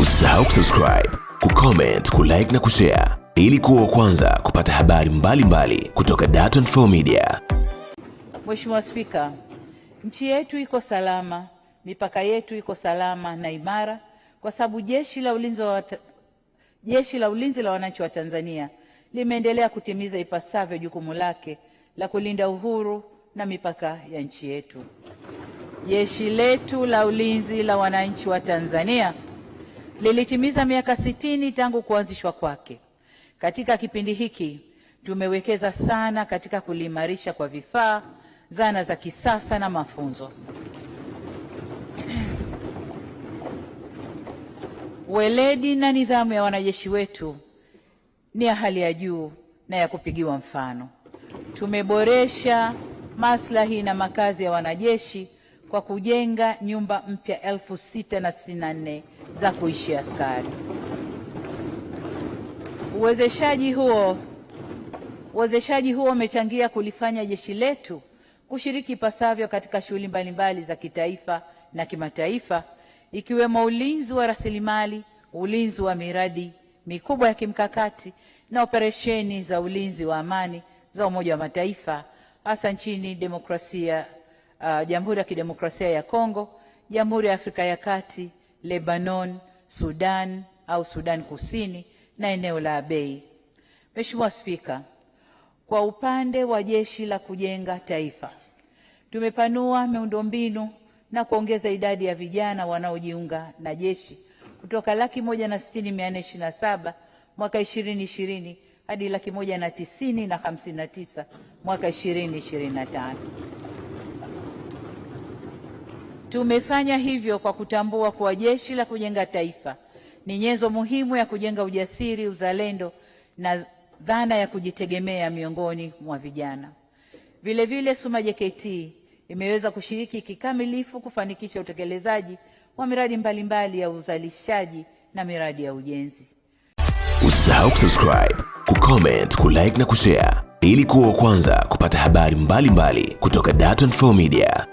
Usisahau kusubscribe, kucomment, kulike na kushare ili kuwa kwanza kupata habari mbalimbali mbali kutoka Dar24 Media. Mheshimiwa Spika, nchi yetu iko salama, mipaka yetu iko salama na imara kwa sababu Jeshi la Ulinzi wa Jeshi la Ulinzi la Wananchi wa Tanzania limeendelea kutimiza ipasavyo jukumu lake la kulinda uhuru na mipaka ya nchi yetu. Jeshi letu la Ulinzi la Wananchi wa Tanzania lilitimiza miaka sitini tangu kuanzishwa kwake. Katika kipindi hiki tumewekeza sana katika kuliimarisha kwa vifaa, zana za kisasa na mafunzo. Weledi na nidhamu ya wanajeshi wetu ni ya hali ya juu na ya kupigiwa mfano. Tumeboresha maslahi na makazi ya wanajeshi kwa kujenga nyumba mpya elfu sita na sitini na nne za kuishi askari. Uwezeshaji huo uwezeshaji huo umechangia kulifanya jeshi letu kushiriki pasavyo katika shughuli mbalimbali za kitaifa na kimataifa ikiwemo ulinzi wa rasilimali, ulinzi wa miradi mikubwa ya kimkakati na operesheni za ulinzi wa amani za Umoja wa Mataifa hasa nchini demokrasia uh, Jamhuri ya Kidemokrasia ya Kongo, Jamhuri ya Afrika ya Kati, Lebanon, Sudan au Sudan Kusini na eneo la Abei. Mheshimiwa Spika, kwa upande wa Jeshi la Kujenga Taifa tumepanua miundombinu na kuongeza idadi ya vijana wanaojiunga na jeshi kutoka laki moja na sitini mia nne ishirini na saba mwaka ishirini ishirini hadi laki moja na tisini na hamsini na tisa mwaka ishirini ishirini na tano. Tumefanya hivyo kwa kutambua kuwa Jeshi la Kujenga Taifa ni nyenzo muhimu ya kujenga ujasiri, uzalendo na dhana ya kujitegemea miongoni mwa vijana. Vilevile, SUMA JKT imeweza kushiriki kikamilifu kufanikisha utekelezaji wa miradi mbalimbali mbali ya uzalishaji na miradi ya ujenzi. Usisahau kusubscribe, kucomment, kulike na kushare ili kuwa wa kwanza kupata habari mbalimbali mbali kutoka Dar24 Media.